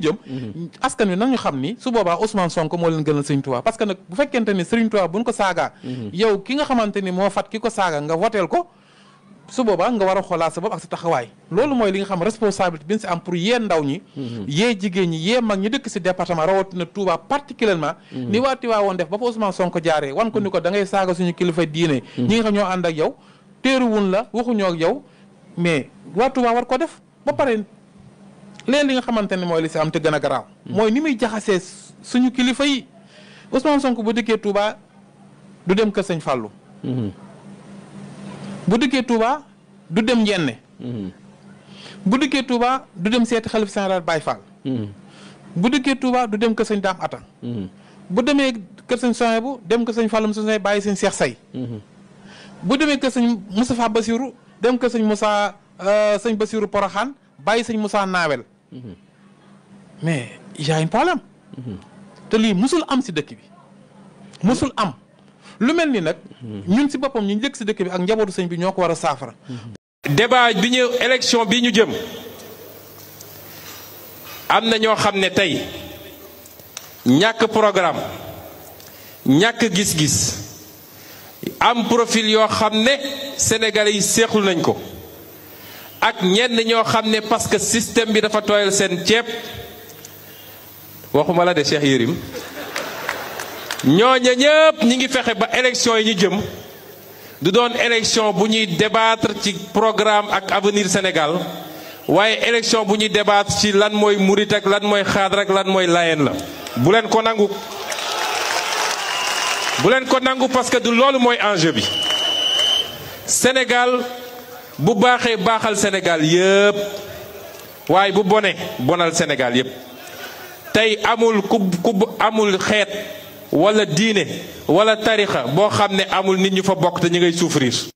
ñu jëm mhm. askan wi nañu xam ni su boobaa Ousmane Sonko moo leen gënal Serigne Touba parce que nag bu fekkente ni Serigne Touba buñ ko saagaa mhm. yow ki nga xamante ni moo fat ki ko saaga nga woteel ko su boobaa nga war a xoolaat sa bopp ak sa taxawaay loolu mooy li nga xam responsabilité bi ñu si am pour yee ndaw ñi mhm. yee jigéen ñi yee mag ñi dëkk si département rawatina Touba particulièrement ni waa Tiwaawoon def ba fa Ousmane Sonko jaaree wan ko ni ko da ngay la waxuñoo ak yow mais waa Touba war ko def leen li nga xamante ne mooy li si am te gën a garaaw. mooy ni muy jaxasee suñu kilifa yi Ousmane Sonko bu dëkkee Touba du dem Kër Sëñ Fallou. bu dëkkee Touba du dem Njenne. bu dëkkee Touba du dem seeti xalif général Baye Fall. bu dëkkee Touba du dem Kër Sëñ Daam Atan. bu demee Kër Sëñ Soye bu dem Kër Sëñ Fallou Soye bàyyi seen Seex Say. bu demee Kër Sëñ Moustapha Bassirou dem Kër sañ Moussa euh, sëñ Bassirou Poroxaan bàyyi sañ musa Naawel. mais y a un te lii musul am si dëkk bi musul am lu mel ni nag. ñun si boppam ñu njëkk si dëkk bi ak njabootu sëñ bi ñoo ko war a saafara. débat bi ñu élection bi ñu jëm am na ñoo xam ne tey ñàkk programme ñàkk gis-gis am profil yoo xam ne sénégal yi seexlu nañ ko. ak ñenn ñoo xam ne parce que système bi dafa tooyal seen ceeb waxuma la de Cheikh Yérim ñooña ñëpp ñi ngi fexe ba élection yi ñu jëm du doon élection bu ñuy débattre ci programme ak avenir Sénégal waaye élection bu ñuy débatre ci lan mooy murit ak lan mooy xaadar ak lan mooy layeen la bu leen ko nangu bu leen ko nangu parce que du loolu mooy enjeu bi Sénégal bu baaxee baaxal Sénégal yëpp waaye bu bone bonal Sénégal yëpp tey amul ku ku amul xeet wala diine wala tarixa boo xam ne amul nit ñu fa bokk te ñu ngay souffrir